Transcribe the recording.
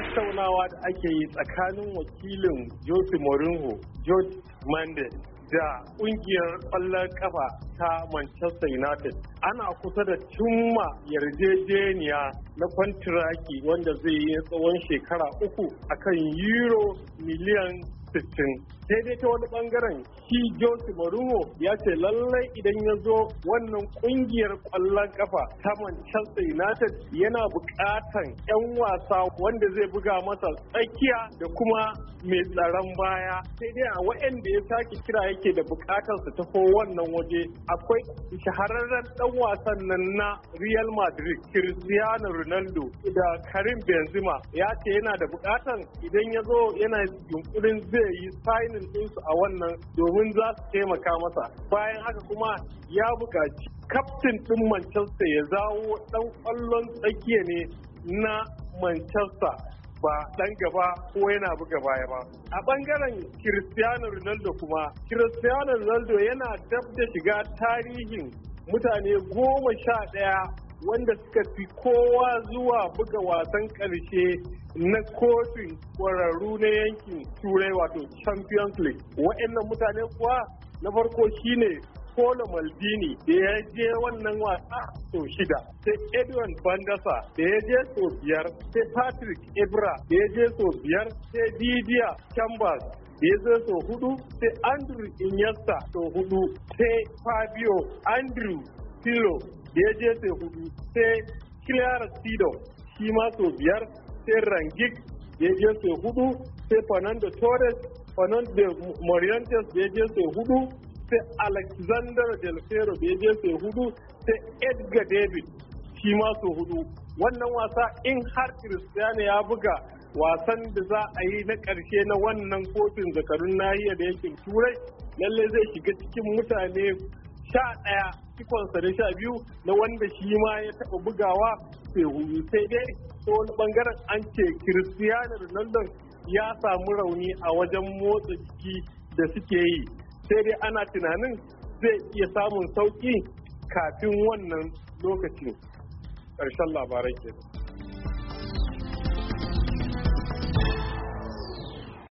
tattaunawa da ake yi tsakanin wakilin Jose Mourinho, George Mendes da kungiyar ƙwallon kafa ta Manchester United. Ana kusa da cimma yarjejeniya na kwantiraki wanda zai yi tsawon shekara uku akan euro miliyan sai dai ta wani bangaren shi Jose Mourinho ya ce lallai idan ya zo wannan kungiyar kwallon kafa ta Manchester United yana bukatan 'yan wasa wanda zai buga masa tsakiya da kuma mai tsaron baya sai dai a waɗanda ya sake kira yake da bukatar ta taho wannan waje akwai shahararren dan wasan nan na Real Madrid Cristiano Ronaldo da Karim Benzema ya ce yana da bukatan idan ya zo yana yunkurin zai yi signing recording ɗinsu a wannan domin za su taimaka masa bayan haka kuma ya buƙaci kaftin ɗin Manchester ya zawo ɗan ƙwallon tsakiya ne na Manchester ba ɗan gaba ko yana buga baya ba. A ɓangaren Cristiano Ronaldo kuma, Cristiano Ronaldo yana dab da shiga tarihin mutane goma sha ɗaya wanda suka fi kowa zuwa buga wasan ƙarshe na kofin kwararru na yankin turai wato champions league wa'annan mutane kuwa na farko shine Polo Maldini da ya je wannan wasa sau shida, sai Edwin Bandasa da ya je sau biyar, sai Patrick Ibra da ya je sau biyar, sai Didier Chambers da ya je sau hudu, sai Andrew Iniesta sau hudu, sai Fabio Andrew tiro da ya je sai hudu sai clear sido shi ma so biyar sai rangik da ya je sai hudu sai fernando torres fernando morientes da ya je sai hudu sai alexander del ferro da ya je sai hudu sai edgar david shi ma so hudu wannan wasa in har cristiano ya buga wasan da za a yi na ƙarshe na wannan kotun zakarun nahiyar da yankin turai lallai zai shiga cikin mutane sha ɗaya cikonsa da sha biyu na wanda shi ma ya taɓa bugawa sai huyu sai dai ta wani ɓangaren an ce cristiano ronaldo ya samu rauni a wajen motsa jiki da suke yi sai dai ana tunanin zai iya samun sauƙi kafin wannan lokacin ƙarshen labarai kenan.